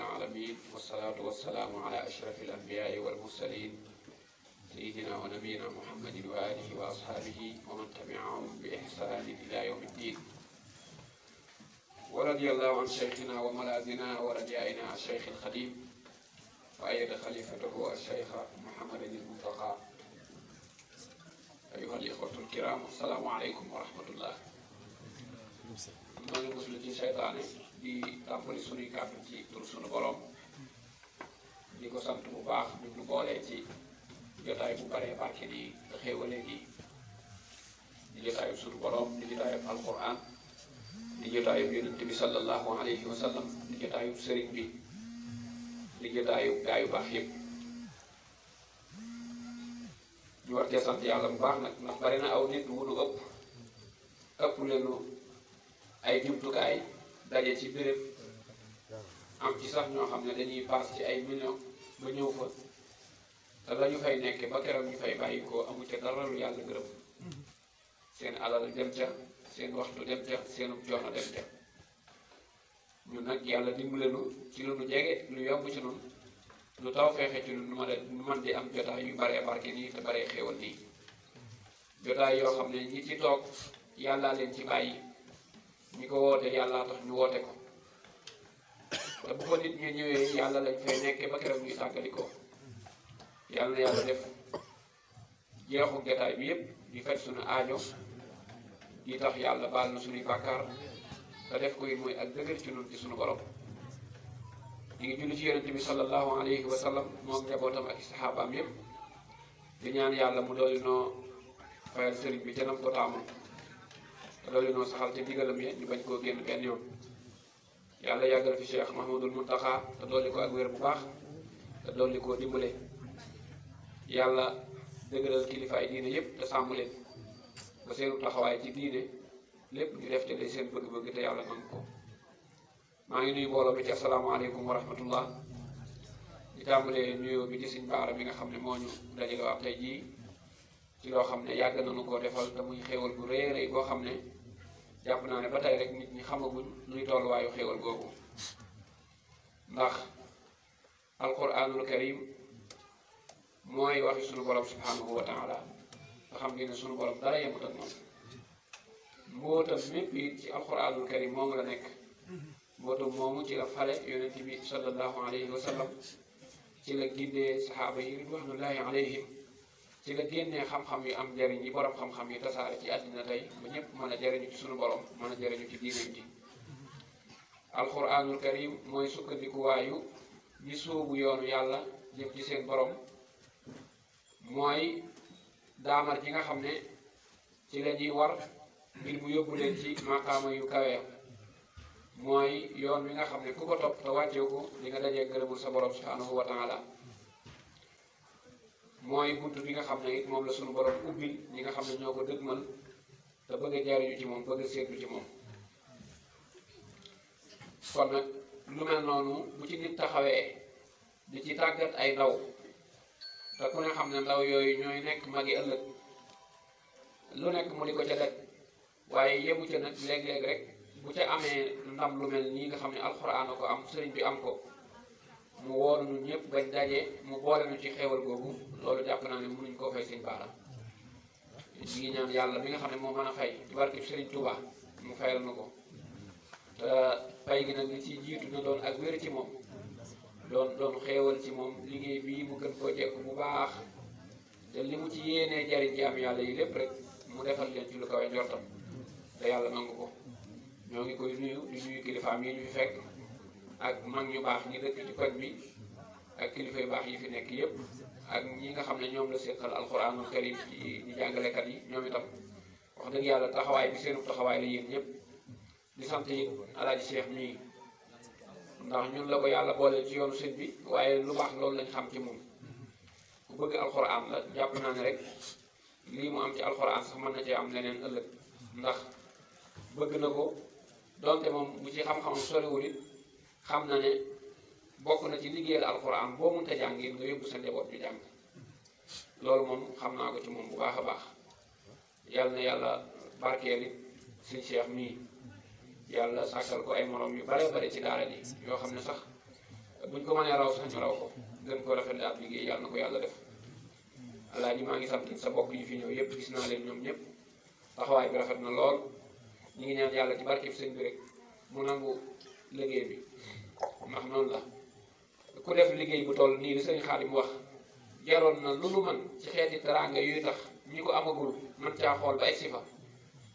العالمين والصلاة والسلام على أشرف الأنبياء والمرسلين سيدنا ونبينا محمد وآله وأصحابه ومن تبعهم بإحسان إلى يوم الدين ورضي الله عن شيخنا وملاذنا ورجائنا الشيخ الخليم وأيد خليفته الشيخ محمد المنتقى أيها الإخوة الكرام السلام عليكم ورحمة الله. من المسلمين شيطانين di tàmbali suñuy kàddu ci tur suñu borom di ko sant bu baax di ñu bolé ci jotaay bu bare barké di xéewalee gi di jotaayu suñu borom di jotaayu alquran di jotaayu yunus bi sallallahu alayhi wa sallam di jotaayu sëriñ bi di jotaayu gaayu baax yëpp ñu war ci sant yalla bu baax nak ndax bari na aw nit wu nu ëpp ëpp leenu ay kay daje ci béréb am ci sax ñoo xam ne dañuy paas ci ay millions ba ñëw fa te la ñu fay nekkee ba bàyyi ko amu ca dara yàlla gërëm seen alal dem ca seen waxtu dem ca seenu joono dem ca ñun nag yàlla dimbalenu ci lu nu jege lu yomb ci noonu lu taw feexe ci lu man di am jotaay yu baree barke nii te baree xéewal nii jotaay yoo xam ne ñi ci toog yàllaa leen ci bàyyi ñi ko woote yàllaa tax ñu woote ko te bu ko nit ñi ñëwee yàlla lañ fay nekkee ba keroog ñuy tàggali yàlla yàlla def jeexu jotaay bi yëpp di faj suñu aajo di tax yàlla baal na suñuy bàkkaar te def ko it mooy ak dëgër ci ñun ci suñu borom. ñu ngi julli ci yonent bi sallallahu alayhi wa moom njabootam ak saxaabaam yëpp di ñaan yàlla mu dool noo fayal sëriñ bi te nam ko taamul. te loolu noo saxal ci ndigalam yi ñu bañ koo génn benn yoon yàlla yàggal fi Cheikh Mahmoudul Muntaxa te dolli ko ak wér bu baax te dolli koo dimbale yàlla dëgëral kilifaay diine yépp te sàmm leen ba seenu taxawaay ci diine lépp ñu def te day seen bëgg-bëgg te yàlla nangu ko maa ngi nuyu mbooloo bi ci asalaamaaleykum wa rahmatullah di tàmbalee nuyoo bi ci suñ baara mi nga xam ne moo ñu dajale waat tey jii ci loo xam ne yàgg nañu koo defal te muy xéewal bu rëy rëy xam ne jàpp naa ne ba tey rek nit ñi xamaguñ luy tolluwaayu xéewal googu ndax alquranul karim mooy waxi sunu borom subhanahu wa taala nga xam ngeen sunu borom dara yemut ak moom yi ci alquranul moomu nekk mbootam moomu ci la fale yonent bi sallallahu alayhi wa sallam ci la gindee saxaaba alayhim ci la génnee xam-xam yu am njëriñ yi borom xam-xam yi tasaare ci àddina tey ba ñëpp mën a jëriñu ci suñu borom mën a jëriñu ci diineem ji alquranul karim mooy sukkandikuwaayu ñi sóobu yoonu yàlla jëm ci seen borom mooy daamar ji nga xam ne ci la ñuy war ngir mu yóbbu leen ci maqaama yu kawee mooy yoon wi nga xam ne ku ko topp te wàcceeku di nga dajee ngërëmul sa borom subhanahu wa taala mooy bunt bi nga xam ne it moom la suñu borom ubbil ñi nga xam ne ñoo ko dëgg man te bëgg a jaariñu ci moom bëgg a seetlu ci moom kon nag lu mel noonu bu ci nit taxawee di ci tàggat ay ndaw te ku ne xam ne ndaw yooyu ñooy nekk magi ëllëg lu nekk mu di ko ca def waaye yebu ca nag léeg-léeg rek bu ca amee ndam lu mel nii nga xam ne alxuraan a ko am sëriñ bi am ko mu woolu ñun ñëpp bañ dajee mu boole ñu ci xewal googu loolu jàpp naa ne mënuñ koo fay sëñ baara ñu ngi nga xam ne moo mën a fay ci barkeb sëriñ Touba mu fayal na ko te fay gi nag ci jiitu na doon ak wér ci moom doon doon xeewal ci moom liggéey bii mu gën koo jekk bu baax te li mu ci yéenee jariñ ci am yàlla yi lépp rek mu defal leen ci lu kawe njortam te yàlla nangu ko ñoo ngi koy nuyu nuyu kilifaam yi ñu fi fekk ak mag ñu baax ñi dëkk ci koñ bi ak kilifa yu baax yi fi nekk yëpp ak ñi nga xam ne ñoom la seqal alxuraanul karim ci ñu jàngalekat yi ñoom itam wax dëgg yàlla taxawaay bi seenu taxawaay la yéen ñëpp di sant yi alaaj seex mii ndax ñun la ko yàlla boole ci yoonu sëñ bi waaye lu baax loolu lañ xam ci moom ku bëgg alxuraan la jàpp naa ne rek lii mu am ci alxuraan sax man na cee am leneen ëllëg ndax bëgg na ko donte moom bu ci xam-xamam soriwul it xam na ne bokk na ci liggéeyal alxuraan boo mënta jàngee nga yóbbu sa njaboot bi jàng loolu moom xam naa ko ci moom bu baax a baax yàlla na yàlla barkeel it suñ Cheikh mii yàlla sàkkal ko ay morom yu bare ci daara ji yoo xam ne sax buñ ko mënee raw sax ñu raw ko gën koo rafet daal liggéey yàlla na ko yàlla def alaaji maa ngi sant sa bokk yi fi ñëw yëpp gis naa leen ñoom ñëpp taxawaay bi rafet na lool ñu ngi ñaan yàlla ci barkeb sëñ bi rek mu nangu liggéey bi ndax noonu la ku def liggéey bu toll nii li sëñ mu wax jaroon na lu nu man ci xeeti teraanga yuy tax ñi ko amagul man caa xool ba egsi fa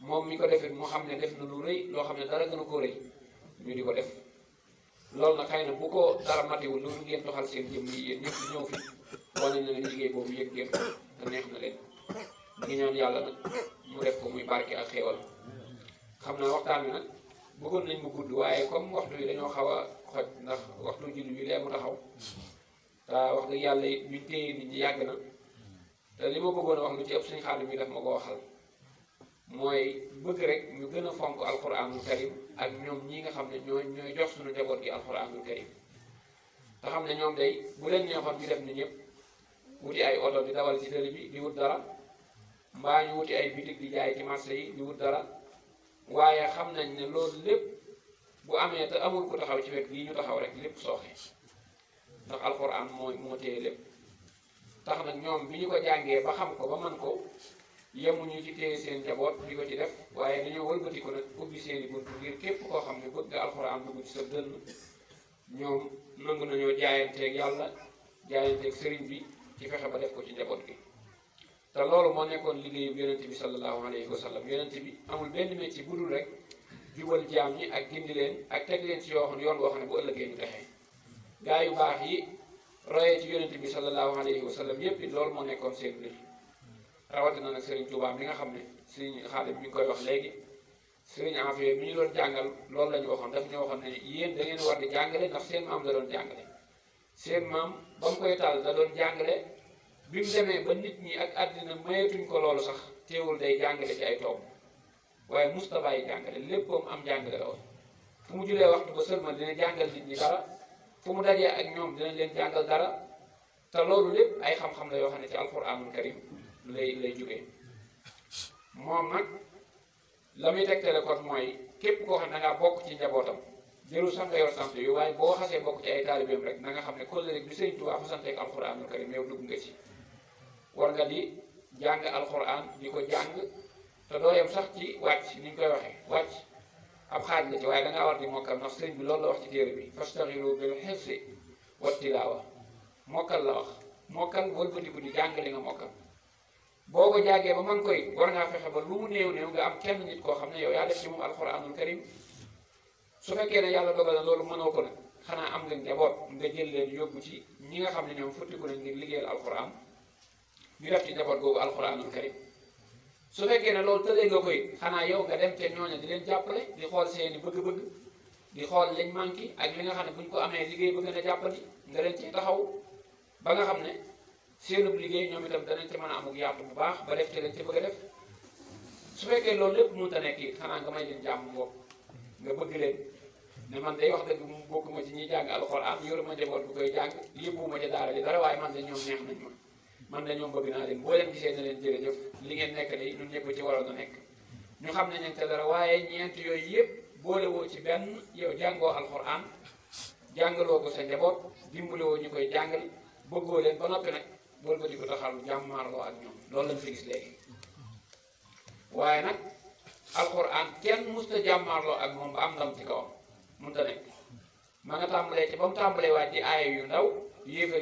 moom mi ko defee moo xam ne def na lu rëy loo xam ne dara gën ko rëy ñu ko def loolu nag xëy ko dara matiwul loolu ngeen doxal seen jëm yi yéen ñëw fi wane na ne liggéey boobu yëpp ngeen te neex na leen ngi ñaan yàlla nag mu def ko muy barke ak xéewal xam naa waxtaan wi nag bëggoon nañ mu gudd waaye comme waxtu yi dañoo xaw a xoj ndax waxtu julli bi lee mu taxaw mm-hmm. te wax dëgg yàlla ñu téye nit ñi yàgg na mm-hmm. te li ma bëggoon a wax lu ci ëpp suñu xaalis mi daf ma ko waxal mooy bëgg rek ñu gën a fonk alquranul karim ak ñoom ñi nga xam ne ñoo ñooy jox suñu njaboot gi alquranul karim te xam ne ñoom day bu leen neexoon ñu def ni ñëpp wuti ay oto di dawal ci dëri bi di wut dara mbaa ñu wuti ay bitig di jaay ci marché yi di wut waaye xam nañ ne loolu lépp bu amee te amul ko taxaw ci wet gii ñu taxaw rek lépp sooxe ndax alxuraan mooy moo téye lépp tax nag ñoom bi ñu ko jàngee ba xam ko ba man ko yemuñu ci téye seen jaboot di ko ci def waaye dañoo wëlbati ko nag ubbi seen i ngir képp koo xam ne bëgg nga alxuraan dugg ci sa dënn ñoom nangu nañoo jaayanteeg yàlla jaayanteeg sëriñ bi ci fexe ba def ko ci njaboot bi te loolu moo nekkoon liggéeyu yonent bi sallallahu alayhi wa sallam yonent bi amul benn métier bu dul rek jubal jaam ñi ak gindi leen ak teg leen ci yoo xam yoon boo xam ne bu ëllëgee ñu texee gaa yu baax yi royee ci yonent bi sallallahu alayhi wa sallam yépp it loolu moo nekkoon seen mbir rawatina nag Serigne Touba bi nga xam ne Serigne Xaadim mi ngi koy wax léegi Serigne Afia bi ñu doon jàngal loolu lañu ñu waxoon daf ñu waxoon ne yéen da ngeen war di jàngale ndax seen maam da doon jàngale seen bi mu demee ba nit ñi ak àddina mayetuñ ko loolu sax teewul day jàngale ci ay tomb waaye Moustapha yi jàngale lépp mu am jàngale la mu julee waxtu ba sëlmal dina jàngal nit ñi dara fu mu dajee ak ñoom dina leen jàngal dara te loolu lépp ay xam-xam yoo xam ne ci alquranul karim lay lay jógee moom nag la muy tegtale kon mooy képp koo xam ne da ngaa bokk ci njabootam jëru sax nga yor sant yu waaye boo xasee bokk ci ay taalibeem rek na nga xam ne kóllëre bi Sëriñ Tuubaa fa santeek alquranul karim yow dugg nga ci war nga di jàng alxuraan di ko jàng te doo yem sax ci wàcc ni ñu koy waxee wàcc ab xaaj la ci waaye da war di mokkal ndax sëriñ bi loolu la wax ci téere bi fastaxilu bil xifsi wa tilaawa mokkal la wax mokkal wëlbatiku di jàng li nga mokkal boo ko jàngee ba man koy war ngaa fexe ba lu mu néew néew nga am kenn nit koo xam ne yow yaa def ci moom alxuraanul karim su fekkee ne yàlla dogal na loolu mënoo ko nag xanaa am nga njaboot nga jël leen yóbbu ci ñi nga xam ne ñoom futtiku nañ ngir liggéeyal alxuraan ñu def ci njaboot googu alxuraanul karim su fekkee ne loolu tëlee nga koy xanaa yow nga dem te ñooña di leen jàppale di xool seeni bëgg-bëgg di xool lañ manqué ak li nga xam ne bu ñu ko amee liggéey bëgg na jàppandi nga leen ci taxaw ba xam ne seenub liggéey ñoom itam danañ ci mën a amuk yàpp bu baax ba def ci lañ ci bëgg def su fekkee loolu lépp mënut ta nekk it xanaa nga may leen jàmm bopp nga bëgg leen ne man day wax dëgg mu bokkuma ci ñuy jàng alxuraan yoruma njaboot bu koy jàng yëppuma ci daara ji dara waaye man de ñoom neex nañ ma man de ñoom bëgg naa leen boo leen gisee na leen jërëjëf li ngeen nekk de ñun ñëpp ci waroon na nekk ñu xam ne ñeente dara waaye ñeent yooyu yëpp boolewoo ci benn yow jàngoo alxuraan jàngaloo ko sa njaboot dimbale ñu koy jàngal bëggoo leen ba noppi nag bool ba di ko taxal jàmmaarloo ak ñoom loolu lañ fi gis léegi waaye nag alxuraan kenn musta jàmmaarloo ak moom ba am ndam ci kawam mënta nekk ma nga tàmbalee ci ba mu tàmbalee waaj di aaya yu ndaw yéefar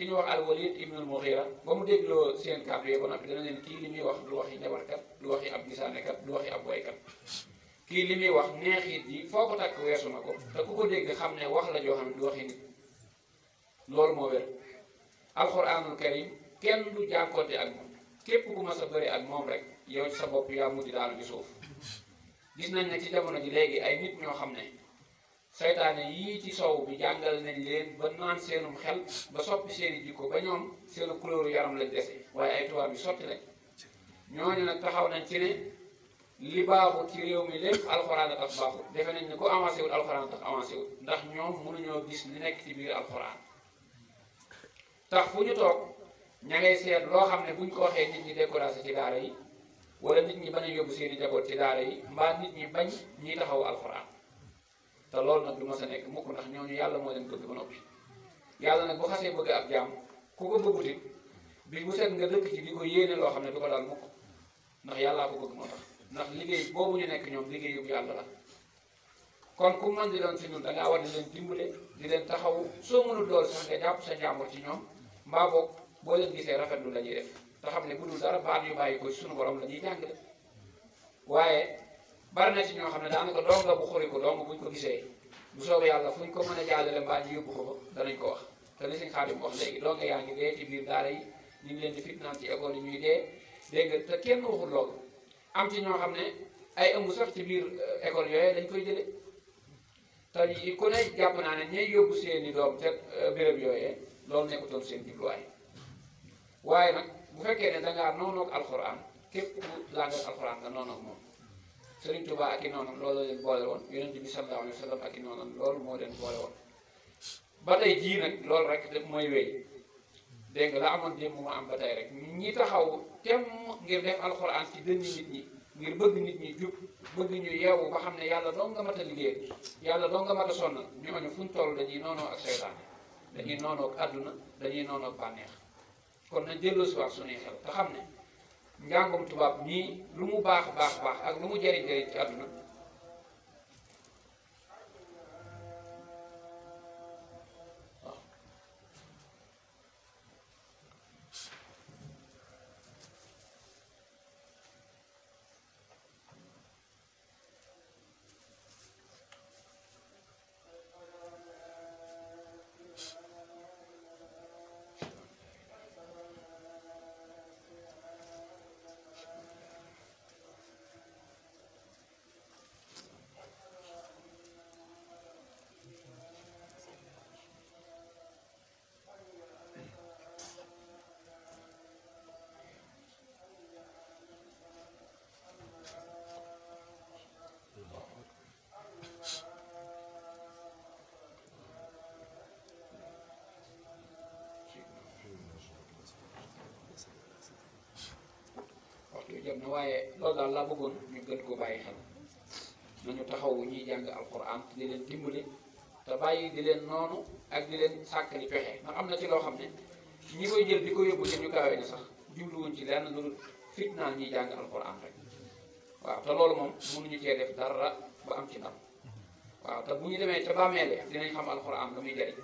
ki ñu wax al-Walid ibnul Mughira ba mu dégloo seen kàddu yi ba noppi dana leen kii li ñuy wax lu waxi njabarkat du waxi ab gisaanekat du waxi ab waykat kii li muy wax neexit yi foo ko takk weesu na ko te ku ko dégg xam ne wax la joo xam ne du waxi nit loolu moo wér alxuraanul karim kenn du jànkoonte ak moom képp ku mas a bëri ak moom rek yow ci sa bopp yaa mujj daanu ci suuf gis nañ ne ci jamono ji léegi ay nit ñoo xam ne seytaane yii ci sow bi jàngal nañ leen ba naan seenum xel ba soppi seeni jikko ba ñoom seenu couleur yaram lañ dese waaye ay tubaab yu sotti lañ ñooñu nag taxaw nañ ci ne li baaxul ci réew mi lépp alxuraan a tax defe nañ ne ko avancé wul alxuraan tax avancé ndax ñoom mënuñoo gis li nekk ci biir alxuraan tax fu ñu toog ña ngay seet loo xam ne buñ ko waxee nit ñi découragé ci daara yi wala nit ñi bañ a yóbbu seeni jaboot ci daara yi mbaa nit ñi bañ ñi taxaw alxuraan te loolu nag du ma sa nekk mukk ndax ñooñu yàlla moo leen bëgg ba noppi yàlla nag bu xasee bëgg ab jaam ku ko bëgguti bi bu set nga dëkk ci di ko yéene loo xam ne du ko daal mukk ndax yàllaa ko bëgg moo tax ndax liggéey boobu ñu nekk ñoom liggéeyu yàlla la kon ku man di doon si ñun da ngaa war di leen dimbale di leen taxaw soo mënul dool sax nga jàpp sa njàmbur ci ñoom mbaa boog boo leen gisee rafet lu ñuy def te xam ne bu dul dara baat yu bàyyi ko sunu borom la ñuy jàng bari na ci ñoo xam ne daanaka doom la bu xuriku doom buñ ko gisee bu soobee yàlla fuñ ko mën a jàllale mbaa ñu yóbbu ko danañ ko wax te li sëñ Xaadim wax léegi doonga yaa ngi dee ci biir daara yi ñu ngi leen di fitnaan ci école yi ñuy dee dégg te kenn waxul loolu am ci ñoo xam ne ay ëmb sax ci biir euh, école yooyu dañ koy jële te ku ne jàpp naa ne ñay yóbbu seeni doom te euh, béréb yooyee loolu nekkutoon seen jubluwaay waaye nag bu fekkee ne dangaa noonoog alxuraan képp ku laa nga Serigne Touba ak i noonam loolu la leen boole woon yonent bi sallallahu alayhi wa sallam ak i noonam loolu moo leen boole woon ba tey jii nag loolu rek def mooy wéy dégg nga la amoon démb mu am ba tey rek ñi taxaw temm ngir def alxuraan ci dënni nit ñi ngir bëgg nit ñi jub bëgg ñu yeewu ba xam ne yàlla doo nga mat a liggéey yàlla doo nga mat a sonn ñooñu fu ñu toll dañuy noonoo ak seytaan dañuy noonoo àdduna dañuy noonoo ak bànneex kon nañ delloo si wax njàngum tubaab nii lu mu baax baax baax ak lu mu jëriñ jëriñ ci àdduna jot waaye loolu daal laa bëggoon ñu gën koo bàyyi xel nañu taxaw ñuy jàng alquran di leen dimbali te bàyyi di leen noonu ak di leen sàkk ni pexe ndax am na ci loo xam ne ñi koy jël di ko yóbbu te ñu kaawee ni sax jubluwuñ ci lenn lu fitnaan ñuy jàng alquran rek waaw te loolu moom mënuñu cee def dara ba am ci ndam waaw te bu ñu demee te bàmmeele dinañ xam alquran la muy jariñ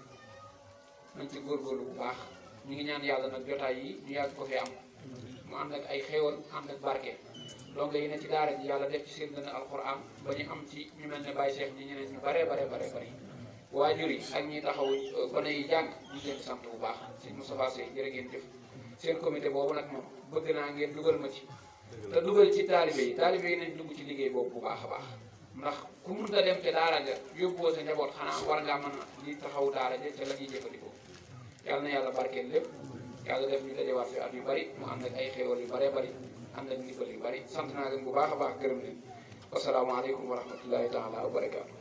nañ ci góorgóorlu bu baax ñu ngi ñaan yàlla nag jotaay yi ñu yàgg am ànd ay xéewal am ak barke donc yi ne ci daara ji yàlla def ci seen dënn alxuraan ba ñu am ci ñu mel ne Baye Cheikh ñi ñeneen ñu bare bare bare bare waajur yi ak ñi taxaw euh, gone yi jàng ñu sant bu baax sëñ Moustapha Seye jërë ngeen jëf seen comité boobu nag moom bëgg naa ngeen dugal ma ci te lugal ci taalibe yi taalibe yi nañ dugg ci liggéey boobu bu baax a baax ndax ku mënta dem te daara ja yóbboo sa njaboot xanaa war ngaa mën a taxaw daara ja ca la ñuy jëfandikoo yàlla na yàlla barkeel lépp yàlla def ñu dajewaat fi at yu bari mu ànd ak ay xéewal yu bëree bëri ànd ak ndimbal yu bëri sant naa leen bu baax a baax gërëm leen wasalaamaaleykum wa rahmatullahi taala wa barakaatu